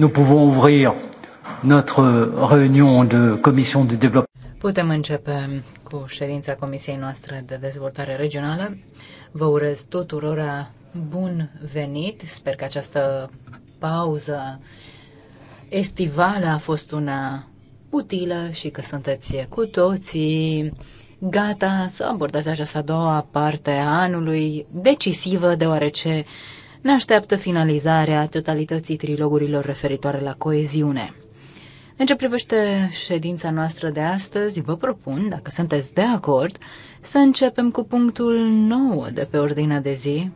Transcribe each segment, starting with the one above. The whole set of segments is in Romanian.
Nous pouvons ouvrir notre réunion de commission de développement. Putem începe cu ședința Comisiei noastre de dezvoltare regională. Vă urez tuturor bun venit. Sper că această pauză estivală a fost una utilă și că sunteți cu toții gata să abordați această a doua parte a anului decisivă, deoarece ne așteaptă finalizarea totalității trilogurilor referitoare la coeziune. În ce privește ședința noastră de astăzi, vă propun, dacă sunteți de acord, să începem cu punctul 9 de pe ordinea de zi,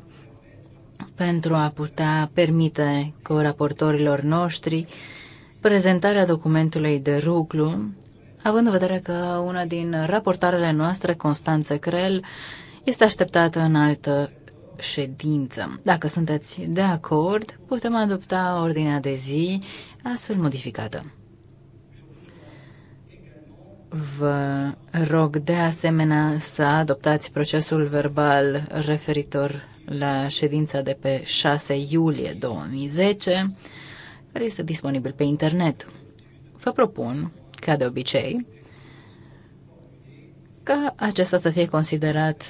pentru a putea permite coraportorilor noștri prezentarea documentului de ruclu, având în vedere că una din raportarele noastre, Constanță Crel, este așteptată în altă ședință. Dacă sunteți de acord, putem adopta ordinea de zi astfel modificată. Vă rog de asemenea să adoptați procesul verbal referitor la ședința de pe 6 iulie 2010, care este disponibil pe internet. Vă propun, ca de obicei, ca acesta să fie considerat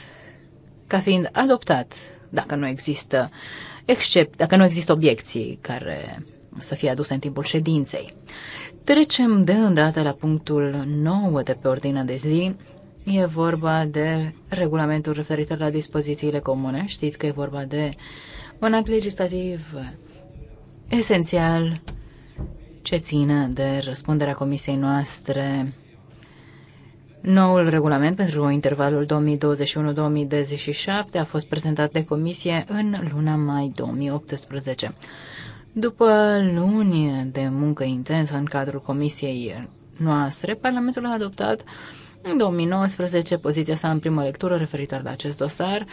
ca fiind adoptat dacă nu există except, dacă nu există obiecții care să fie aduse în timpul ședinței. Trecem de îndată la punctul 9 de pe ordinea de zi. E vorba de regulamentul referitor la dispozițiile comune. Știți că e vorba de un act legislativ esențial ce ține de răspunderea comisiei noastre Noul regulament pentru intervalul 2021-2027 a fost prezentat de comisie în luna mai 2018. După luni de muncă intensă în cadrul comisiei noastre, Parlamentul a adoptat în 2019 poziția sa în primă lectură referitor la acest dosar,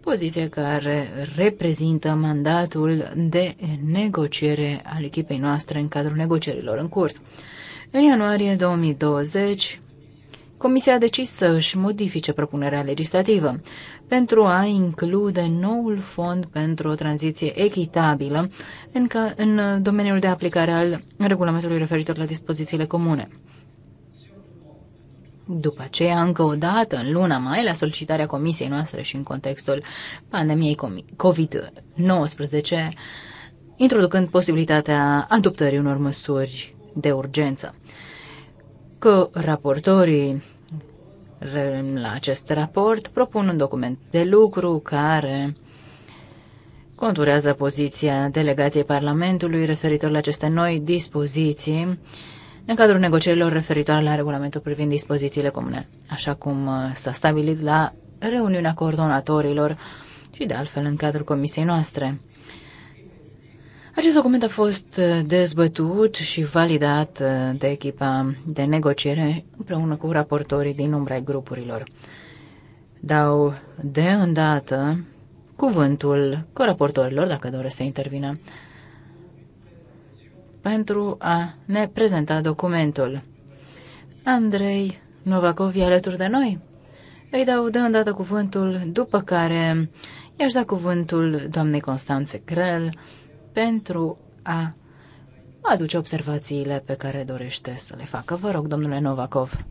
poziție care reprezintă mandatul de negociere al echipei noastre în cadrul negocierilor în curs. În ianuarie 2020, Comisia a decis să își modifice propunerea legislativă pentru a include noul fond pentru o tranziție echitabilă în, în domeniul de aplicare al regulamentului referitor la dispozițiile comune. După aceea, încă o dată, în luna mai, la solicitarea comisiei noastre și în contextul pandemiei COVID-19, introducând posibilitatea adoptării unor măsuri de urgență că raportorii la acest raport propun un document de lucru care conturează poziția delegației Parlamentului referitor la aceste noi dispoziții în cadrul negocierilor referitoare la regulamentul privind dispozițiile comune, așa cum uh, s-a stabilit la reuniunea coordonatorilor și de altfel în cadrul comisiei noastre. Acest document a fost uh, dezbătut și validat uh, de echipa de negociere împreună cu raportorii din umbra grupurilor. Dau de îndată cuvântul coraportorilor, raportorilor, dacă doresc să intervină, pentru a ne prezenta documentul. Andrei Novakov e alături de noi. Îi dau de îndată cuvântul, după care i-aș da cuvântul doamnei Constanțe Crel, pentru a aduce observațiile pe care dorește să le facă. Vă rog, domnule Novakov.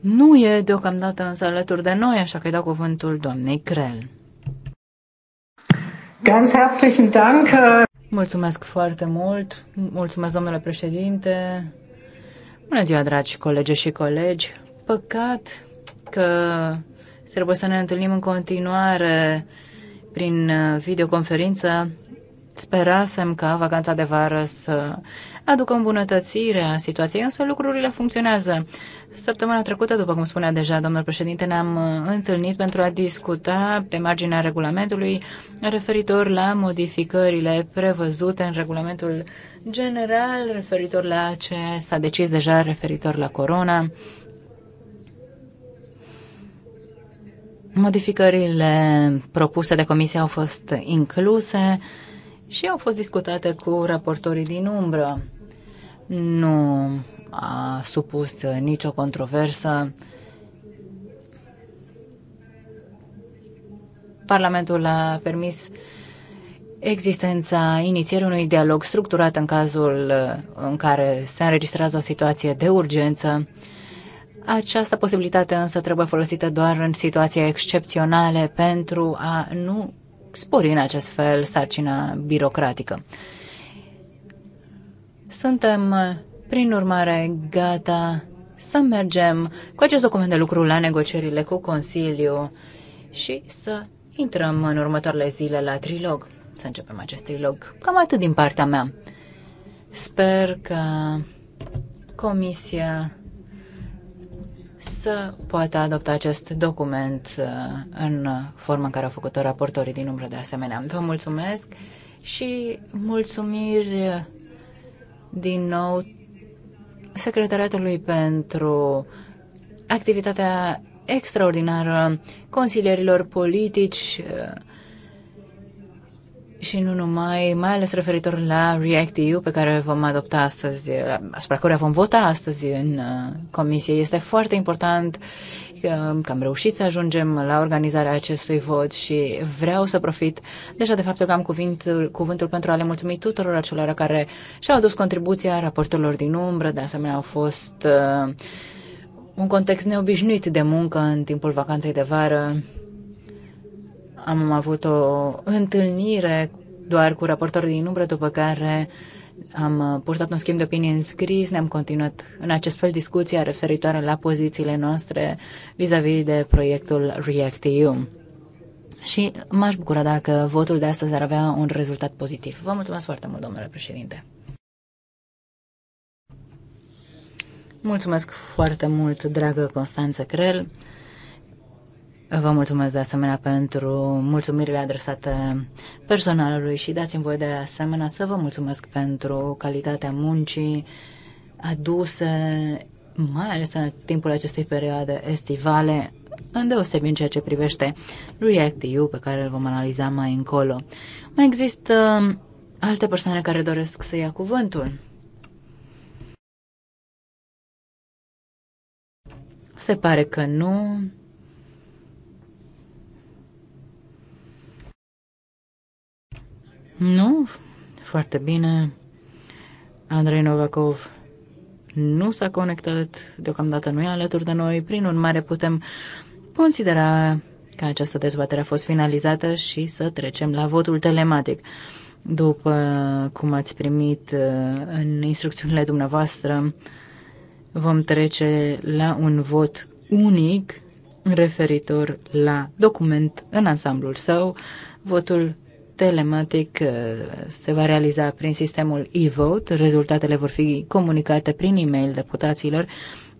Nu e deocamdată însă alături de noi, așa că îi dau cuvântul doamnei Crel. Ganz herzlichen Dank. Äh, Mulțumesc foarte mult. Mulțumesc, domnule președinte. Bună ziua, dragi colegi și colegi. Păcat că trebuie să ne întâlnim în continuare prin uh, videoconferință. Sperasem ca vacanța de vară să aducă îmbunătățirea situației, însă lucrurile funcționează. Săptămâna trecută, după cum spunea deja domnul președinte, ne-am întâlnit pentru a discuta pe marginea regulamentului referitor la modificările prevăzute în regulamentul general, referitor la ce s-a decis deja referitor la corona. Modificările propuse de comisie au fost incluse și au fost discutate cu raportorii din umbră. Nu a supus nicio controversă. Parlamentul a permis existența inițierii unui dialog structurat în cazul în care se înregistrează o situație de urgență. Această posibilitate însă trebuie folosită doar în situații excepționale pentru a nu spori în acest fel sarcina birocratică. Suntem, prin urmare, gata să mergem cu acest document de lucru la negocierile cu Consiliu și să intrăm în următoarele zile la trilog. Să începem acest trilog. Cam atât din partea mea. Sper că Comisia să poată adopta acest document uh, în forma în care au făcut-o raportorii din umbră de asemenea. Vă mulțumesc și mulțumiri din nou secretariatului pentru activitatea extraordinară, consilierilor politici, uh, și nu numai, mai ales referitor la React-EU pe care vom adopta astăzi, asupra care vom vota astăzi în uh, comisie. Este foarte important uh, că, am reușit să ajungem la organizarea acestui vot și vreau să profit deja de faptul că am cuvântul, cuvântul pentru a le mulțumi tuturor acelor care și-au adus contribuția raporturilor din umbră, de asemenea au fost uh, un context neobișnuit de muncă în timpul vacanței de vară am avut o întâlnire doar cu raportorul din umbră, după care am purtat un schimb de opinie în scris, ne-am continuat în acest fel discuția referitoare la pozițiile noastre vis-a-vis -vis de proiectul REACT-EU. Și m-aș bucura dacă votul de astăzi ar avea un rezultat pozitiv. Vă mulțumesc foarte mult, domnule președinte. Mulțumesc foarte mult, dragă Constanță Crel. Vă mulțumesc de asemenea pentru mulțumirile adresate personalului și dați-mi voie de asemenea să vă mulțumesc pentru calitatea muncii aduse, mai ales în timpul acestei perioade estivale, îndeosebi în ceea ce privește React-EU pe care îl vom analiza mai încolo. Mai există um, alte persoane care doresc să ia cuvântul. Se pare că nu. Nu? Foarte bine. Andrei Novakov nu s-a conectat, deocamdată nu e alături de noi, prin urmare putem considera că această dezbatere a fost finalizată și să trecem la votul telematic. După cum ați primit uh, în instrucțiunile dumneavoastră, vom trece la un vot unic referitor la document în ansamblul său. Votul telematic uh, se va realiza prin sistemul e-vote. Rezultatele vor fi comunicate prin e-mail deputaților.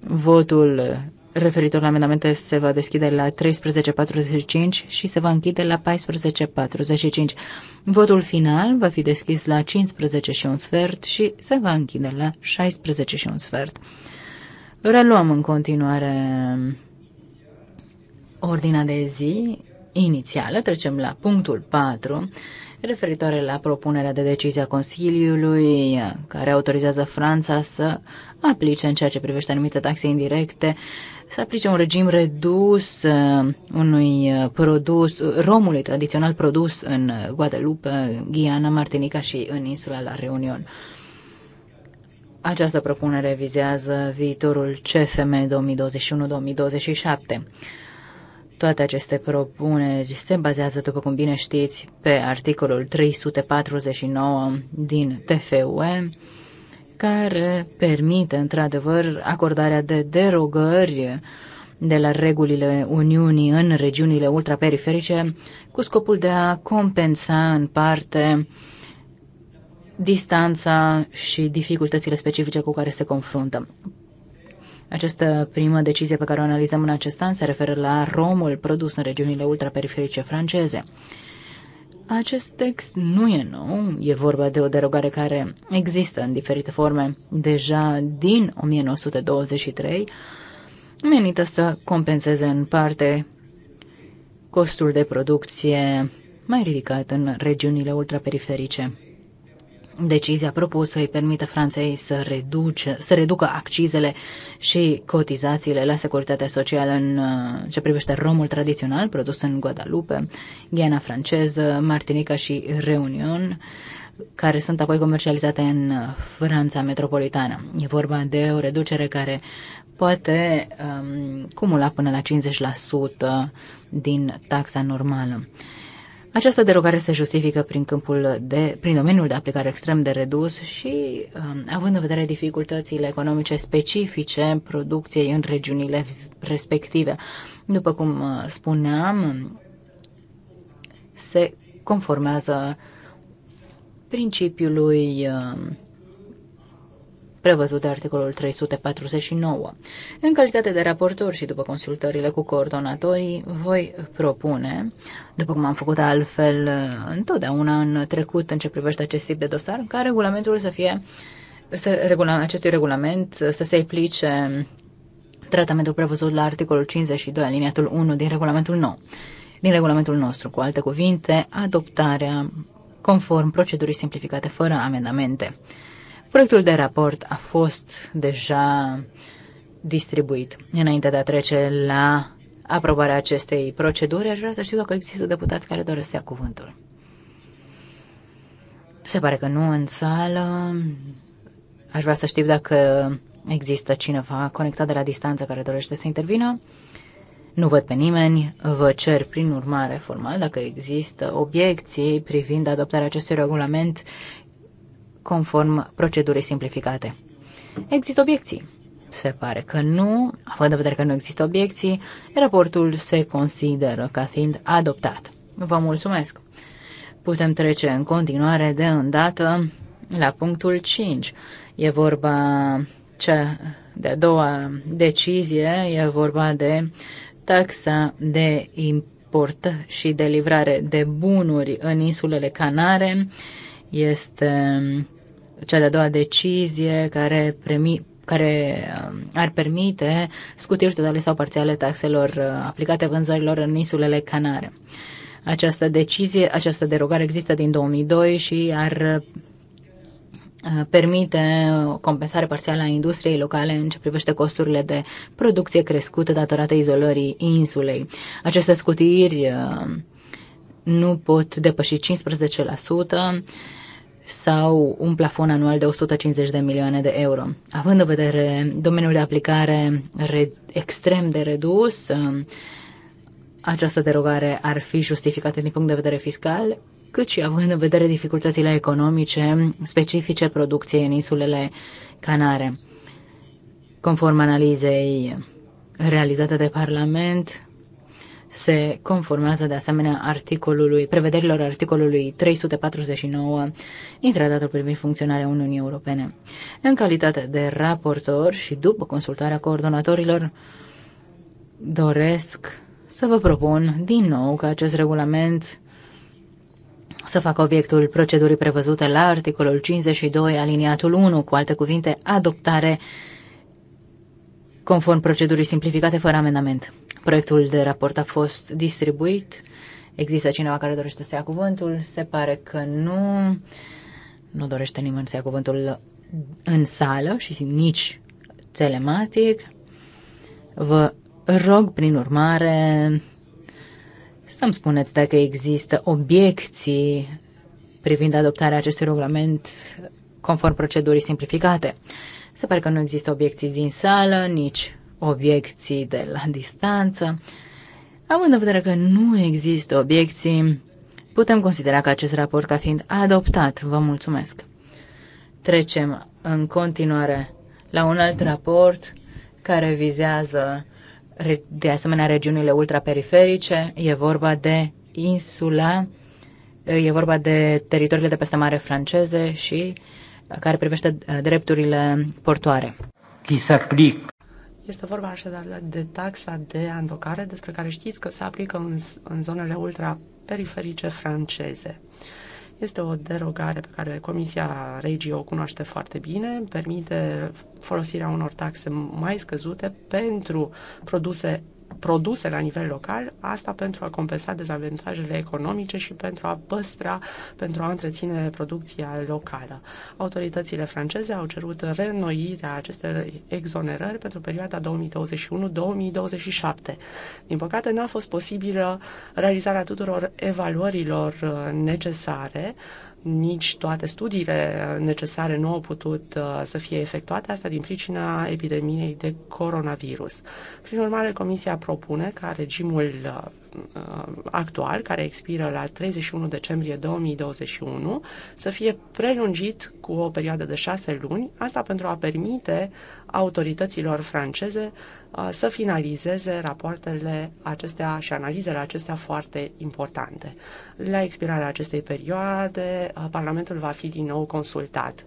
Votul uh, referitor la amendamente se va deschide la 13.45 și se va închide la 14.45. Votul final va fi deschis la 15 și un sfert și se va închide la 16 și un sfert. Reluăm în continuare um, ordinea de zi inițială. Trecem la punctul 4, referitoare la propunerea de decizie a Consiliului care autorizează Franța să aplice în ceea ce privește anumite taxe indirecte să aplice un regim redus uh, unui uh, produs, romului tradițional produs în Guadeloupe, Guiana, Martinica și în insula La Reunion. Această propunere vizează viitorul CFM 2021-2027. Toate aceste propuneri se bazează, după cum bine știți, pe articolul 349 din TFUE, care permite, într-adevăr, acordarea de derogări de la regulile Uniunii în regiunile ultraperiferice cu scopul de a compensa în parte distanța și dificultățile specifice cu care se confruntă. Această primă decizie pe care o analizăm în acest an se referă la romul produs în regiunile ultraperiferice franceze. Acest text nu e nou, e vorba de o derogare care există în diferite forme deja din 1923, menită să compenseze în parte costul de producție mai ridicat în regiunile ultraperiferice. Decizia propusă îi permite Franței să, reduce, să reducă accizele și cotizațiile la securitatea socială în uh, ce privește romul tradițional produs în Guadalupe, Ghiana franceză, Martinica și Reunion, care sunt apoi comercializate în uh, Franța metropolitană. E vorba de o reducere care poate um, cumula până la 50% din taxa normală. Această derogare se justifică prin, câmpul de, prin domeniul de aplicare extrem de redus și um, având în vedere dificultățile economice specifice producției în regiunile respective. După cum uh, spuneam, se conformează principiului uh, prevăzut de articolul 349. În calitate de raportor și după consultările cu coordonatorii, voi propune, după cum am făcut altfel uh, întotdeauna în trecut în ce privește acest tip de dosar, ca regulamentul să fie să, regula, acestui regulament uh, să se aplice tratamentul prevăzut la articolul 52, aliniatul 1 din regulamentul nou. Din regulamentul nostru, cu alte cuvinte, adoptarea conform procedurii simplificate fără amendamente. Proiectul de raport a fost deja distribuit. Înainte de a trece la aprobarea acestei proceduri, aș vrea să știu dacă există deputați care doresc să ia cuvântul. Se pare că nu în sală. Aș vrea să știu dacă există cineva conectat de la distanță care dorește să intervină. Nu văd pe nimeni, vă cer prin urmare formal dacă există obiecții privind adoptarea acestui regulament conform procedurii simplificate. Există obiecții? Se pare că nu, având în vedere că nu există obiecții, raportul se consideră ca fiind adoptat. Vă mulțumesc! Putem trece în continuare de îndată la punctul 5. E vorba cea de-a doua decizie, e vorba de taxa de import și de livrare de bunuri în insulele Canare. Este um, cea de-a doua decizie care, premi, care um, ar permite scutiri totale sau parțiale taxelor uh, aplicate vânzărilor în insulele Canare. Această decizie, această derogare există din 2002 și ar uh, permite o compensare parțială a industriei locale în ce privește costurile de producție crescute datorate izolării insulei. Aceste scutiri uh, nu pot depăși 15%, sau un plafon anual de 150 de milioane de euro. Având în vedere domeniul de aplicare extrem de redus, um, această derogare ar fi justificată din punct de vedere fiscal, cât și având în vedere dificultățile economice specifice producției în insulele Canare. Conform analizei realizate de Parlament, se conformează de asemenea articolului, prevederilor articolului 349 din Tratatul privind funcționarea Uniunii Europene. În calitate de raportor și după consultarea coordonatorilor, doresc să vă propun din nou că acest regulament să facă obiectul procedurii prevăzute la articolul 52 aliniatul 1, cu alte cuvinte, adoptare conform procedurii simplificate fără amendament. Proiectul de raport a fost distribuit. Există cineva care dorește să ia cuvântul? Se pare că nu. Nu dorește nimeni să ia cuvântul în sală și nici telematic. Vă rog, prin urmare, să-mi spuneți dacă există obiecții privind adoptarea acestui regulament conform procedurii simplificate. Se pare că nu există obiecții din sală, nici obiecții de la distanță. Având în vedere că nu există obiecții, putem considera că acest raport ca fiind adoptat. Vă mulțumesc. Trecem în continuare la un alt raport care vizează de asemenea regiunile ultraperiferice. E vorba de insula, e vorba de teritoriile de peste mare franceze și care privește uh, drepturile portoare. Este vorba așadar de taxa de andocare, despre care știți că se aplică în, în zonele ultraperiferice franceze. Este o derogare pe care Comisia Regii o cunoaște foarte bine, permite folosirea unor taxe mai scăzute pentru produse produse la nivel local, asta pentru a compensa dezavantajele economice și pentru a păstra, pentru a întreține producția locală. Autoritățile franceze au cerut reînnoirea acestei exonerări pentru perioada 2021-2027. Din păcate, n-a fost posibilă realizarea tuturor evaluărilor uh, necesare, nici toate studiile necesare nu au putut uh, să fie efectuate, asta din pricina epidemiei de coronavirus. Prin urmare, Comisia propune ca regimul uh, Uh, actual, care expiră la 31 decembrie 2021, să fie prelungit cu o perioadă de șase luni, asta pentru a permite autorităților franceze uh, să finalizeze rapoartele acestea și analizele acestea foarte importante. La expirarea acestei perioade, uh, Parlamentul va fi din nou consultat.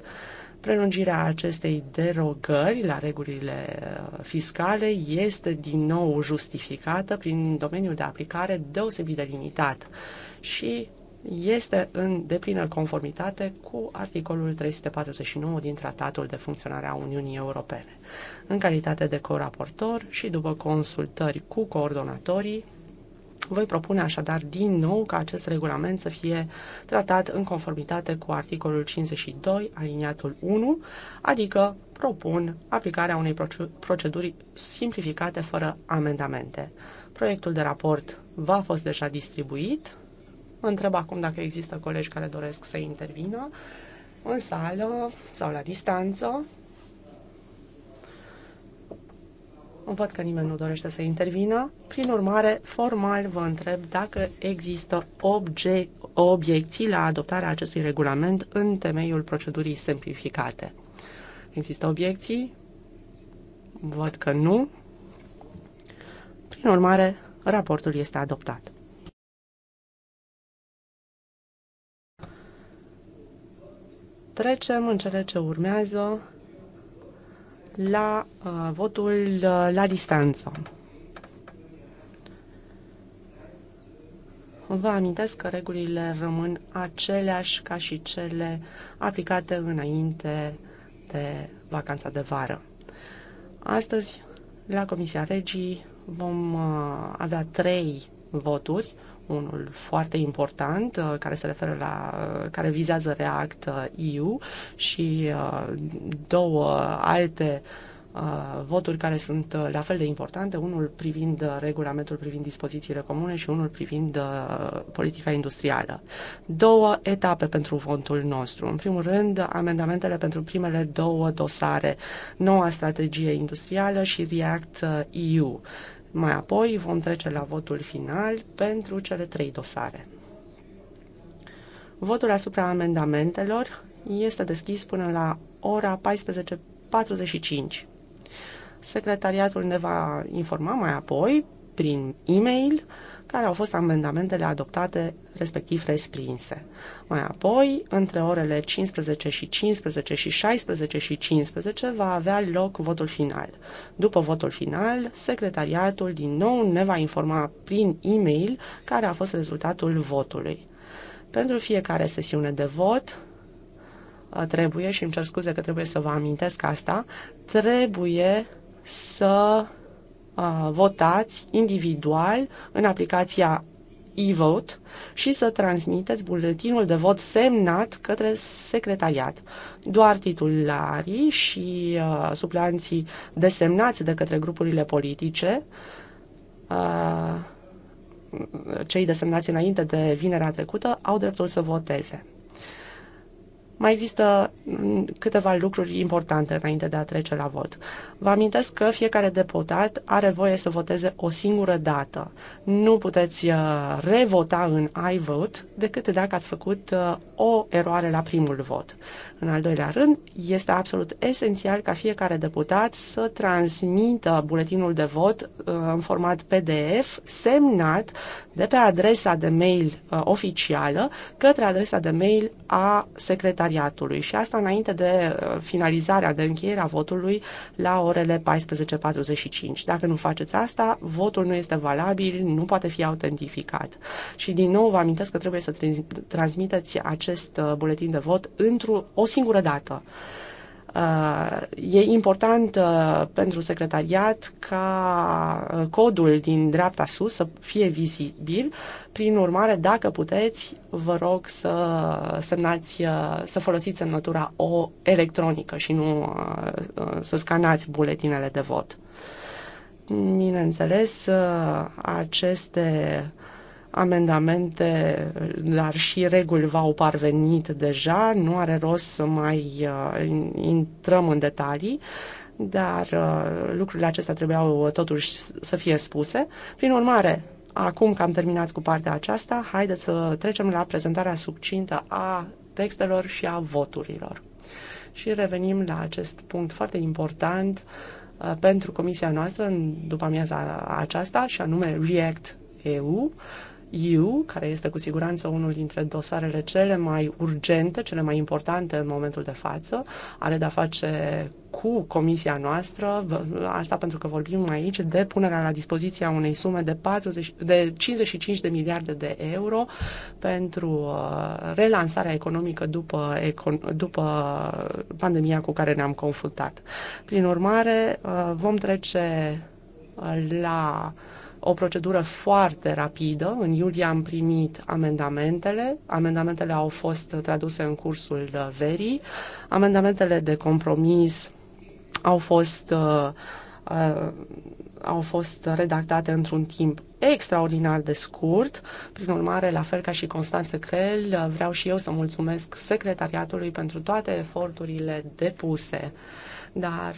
Prelungirea acestei derogări la regulile uh, fiscale este din nou justificată prin domeniul de aplicare deosebit de limitat și este în deplină conformitate cu articolul 349 din Tratatul de Funcționare a Uniunii Europene. În calitate de coraportor și după consultări cu coordonatorii, voi propune așadar din nou ca acest regulament să fie tratat în conformitate cu articolul 52, aliniatul 1, adică propun aplicarea unei proceduri simplificate fără amendamente. Proiectul de raport va fost deja distribuit. Întreb acum dacă există colegi care doresc să intervină în sală sau la distanță. Văd că nimeni nu dorește să intervină. Prin urmare, formal vă întreb dacă există obje- obiecții la adoptarea acestui regulament în temeiul procedurii simplificate. Există obiecții? Văd că nu. Prin urmare, raportul este adoptat. Trecem în cele ce urmează la uh, votul uh, la distanță. Vă amintesc că regulile rămân aceleași ca și cele aplicate înainte de vacanța de vară. Astăzi, la Comisia Regii, vom uh, avea trei voturi unul foarte important uh, care se referă la uh, care vizează React uh, EU și două alte voturi care sunt la fel de importante, unul privind regulamentul privind dispozițiile comune și unul privind politica industrială. Două etape pentru votul nostru. În primul rând, amendamentele pentru primele două dosare, noua strategie industrială și React EU. Mai apoi vom trece la votul final pentru cele trei dosare. Votul asupra amendamentelor este deschis până la ora 14.45. Secretariatul ne va informa mai apoi prin e-mail, care au fost amendamentele adoptate, respectiv respinse. Mai apoi, între orele 15 și 15 și 16 și 15 va avea loc votul final. După votul final, secretariatul din nou ne va informa prin e-mail care a fost rezultatul votului. Pentru fiecare sesiune de vot, trebuie, și îmi cer scuze că trebuie să vă amintesc asta, trebuie să Uh, votați individual în aplicația e-vote și să transmiteți buletinul de vot semnat către secretariat. Doar titularii și uh, suplanții desemnați de către grupurile politice uh, cei desemnați înainte de vinerea trecută au dreptul să voteze. Mai există mm, câteva lucruri importante înainte de a trece la vot. Vă amintesc că fiecare deputat are voie să voteze o singură dată. Nu puteți uh, revota în iVote decât dacă ați făcut uh, o eroare la primul vot. În al doilea rând, este absolut esențial ca fiecare deputat să transmită buletinul de vot uh, în format PDF semnat de pe adresa de mail uh, oficială către adresa de mail a secretariatului și asta înainte de uh, finalizarea, de încheierea votului la orele 14.45. Dacă nu faceți asta, votul nu este valabil, nu poate fi autentificat. Și din nou vă amintesc că trebuie să transmiteți acest uh, buletin de vot într-o singură dată. Uh, e important uh, pentru secretariat ca uh, codul din dreapta sus să fie vizibil. Prin urmare, dacă puteți, vă rog să semnați, să folosiți semnătura o electronică și nu să scanați buletinele de vot. Bineînțeles, aceste uh, Amendamente, dar și reguli v-au parvenit deja, nu are rost să mai uh, intrăm în detalii dar uh, lucrurile acestea trebuiau uh, totuși să fie spuse. Prin urmare, acum că am terminat cu partea aceasta, haideți să trecem la prezentarea succintă a textelor și a voturilor. Și revenim la acest punct foarte important uh, pentru comisia noastră în după amiaza aceasta, și anume React EU. Uh, EU, care este cu siguranță unul dintre dosarele cele mai urgente, cele mai importante în momentul de față, are de-a face cu comisia noastră, asta pentru că vorbim aici de punerea la dispoziția unei sume de, 40, de 55 de miliarde de euro pentru uh, relansarea economică după, după pandemia cu care ne-am confruntat. Prin urmare, uh, vom trece la o procedură foarte rapidă. În iulie am primit amendamentele. Amendamentele au fost traduse în cursul verii. Amendamentele de compromis au fost uh, uh, au fost redactate într-un timp extraordinar de scurt. Prin urmare, la fel ca și Constanță Crel, vreau și eu să mulțumesc secretariatului pentru toate eforturile depuse. Dar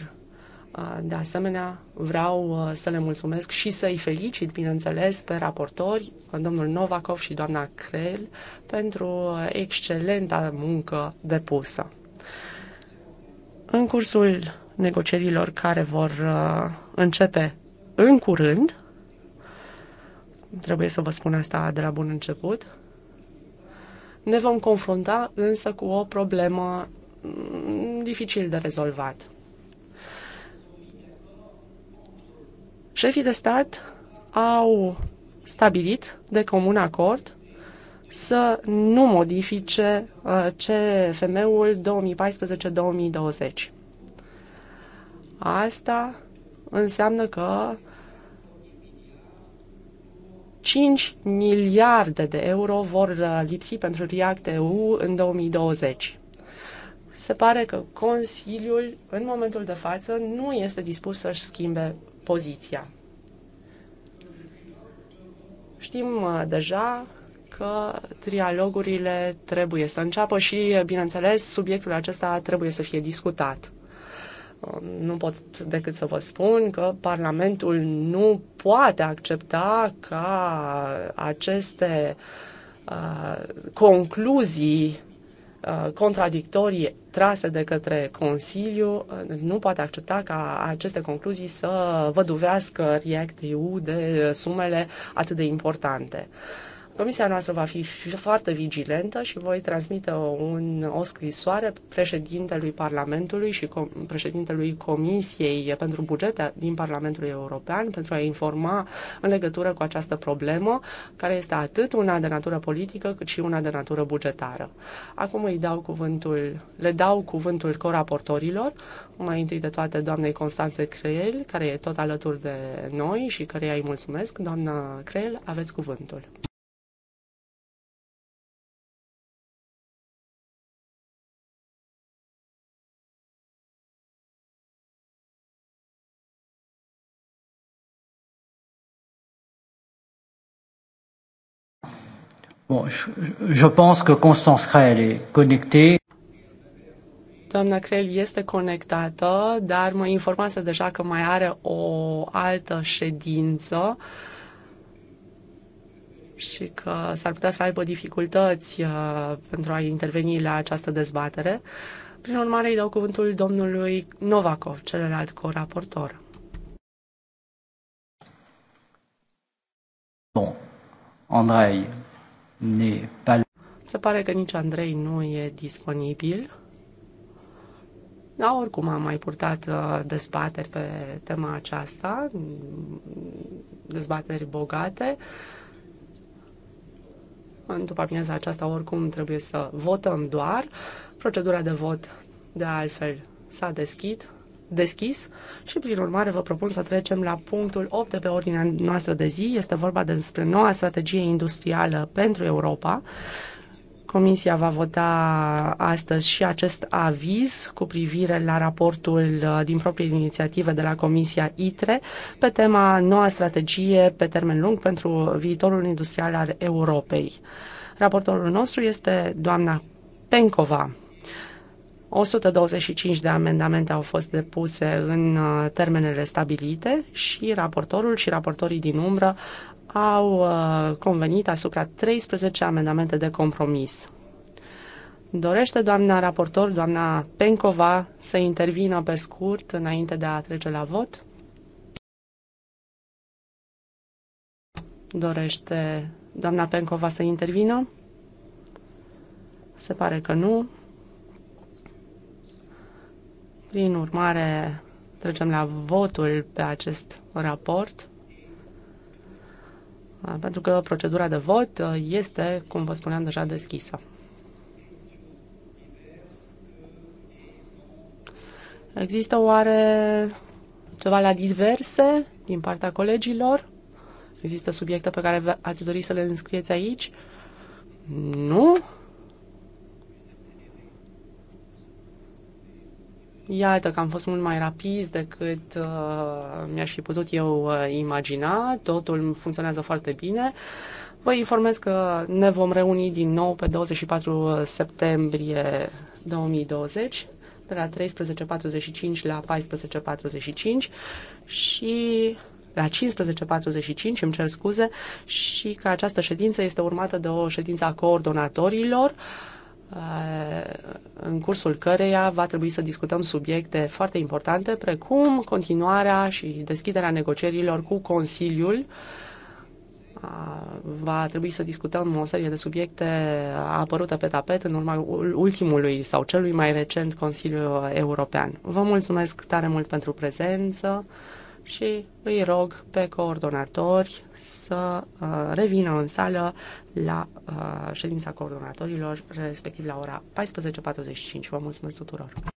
de asemenea, vreau să le mulțumesc și să-i felicit, bineînțeles, pe raportori, domnul Novakov și doamna Creel, pentru excelenta muncă depusă. În cursul negocierilor care vor începe în curând, trebuie să vă spun asta de la bun început, ne vom confrunta însă cu o problemă dificil de rezolvat Șefii de stat au stabilit de comun acord să nu modifice uh, CFM-ul 2014-2020. Asta înseamnă că 5 miliarde de euro vor uh, lipsi pentru REACT-EU în 2020. Se pare că Consiliul, în momentul de față, nu este dispus să-și schimbe poziția. Știm uh, deja că trialogurile trebuie să înceapă și, uh, bineînțeles, subiectul acesta trebuie să fie discutat. Um, nu pot decât să vă spun că Parlamentul nu poate accepta ca aceste uh, concluzii Uh, contradictorii trase de către Consiliu uh, nu poate accepta ca aceste concluzii să văduvească react de sumele atât de importante. Comisia noastră va fi foarte vigilentă și voi transmite un, o scrisoare președintelui Parlamentului și com- președintelui Comisiei pentru Bugete din Parlamentul European pentru a informa în legătură cu această problemă, care este atât una de natură politică cât și una de natură bugetară. Acum îi dau cuvântul, le dau cuvântul coraportorilor, mai întâi de toate doamnei Constanțe Creel, care e tot alături de noi și care îi mulțumesc. Doamna Creel, aveți cuvântul. Bon, je, je pense Constance connectée. Doamna Creel este conectată, dar mă informează deja că mai are o altă ședință și că s-ar putea să aibă dificultăți uh, pentru a interveni la această dezbatere. Prin urmare, îi dau cuvântul domnului Novakov, celălalt co-raportor. Bon. Andrei, se pare că nici Andrei nu e disponibil. Da, oricum am mai purtat uh, dezbateri pe tema aceasta, dezbateri bogate. În După amiaza aceasta, oricum, trebuie să votăm doar. Procedura de vot, de altfel, s-a deschis, deschis și, prin urmare, vă propun să trecem la punctul 8 de pe ordinea noastră de zi. Este vorba despre noua strategie industrială pentru Europa. Comisia va vota astăzi și acest aviz cu privire la raportul uh, din proprie inițiative de la Comisia ITRE pe tema noua strategie pe termen lung pentru viitorul industrial al Europei. Raportorul nostru este doamna Pencova. 125 de amendamente au fost depuse în uh, termenele stabilite și raportorul și raportorii din umbră au uh, convenit asupra 13 amendamente de compromis. Dorește doamna raportor, doamna Pencova, să intervină pe scurt înainte de a trece la vot? Dorește doamna Pencova să intervină? Se pare că nu. Prin urmare, trecem la votul pe acest raport, pentru că procedura de vot este, cum vă spuneam, deja deschisă. Există oare ceva la diverse din partea colegilor? Există subiecte pe care ați dori să le înscrieți aici? Nu? Iată că am fost mult mai rapid decât uh, mi-aș fi putut eu uh, imagina. Totul funcționează foarte bine. Vă informez că ne vom reuni din nou pe 24 septembrie 2020 de la 13.45 la 14.45 și la 15.45, îmi cer scuze, și că această ședință este urmată de o ședință a coordonatorilor uh, Uh, în cursul căreia va trebui să discutăm subiecte foarte importante, precum continuarea și deschiderea negocierilor cu Consiliul. Uh, va trebui să discutăm o serie de subiecte apărute pe tapet în urma ultimului sau celui mai recent Consiliu European. Vă mulțumesc tare mult pentru prezență și îi rog pe coordonatori să uh, revină în sală la uh, ședința coordonatorilor, respectiv la ora 14.45. Vă mulțumesc tuturor!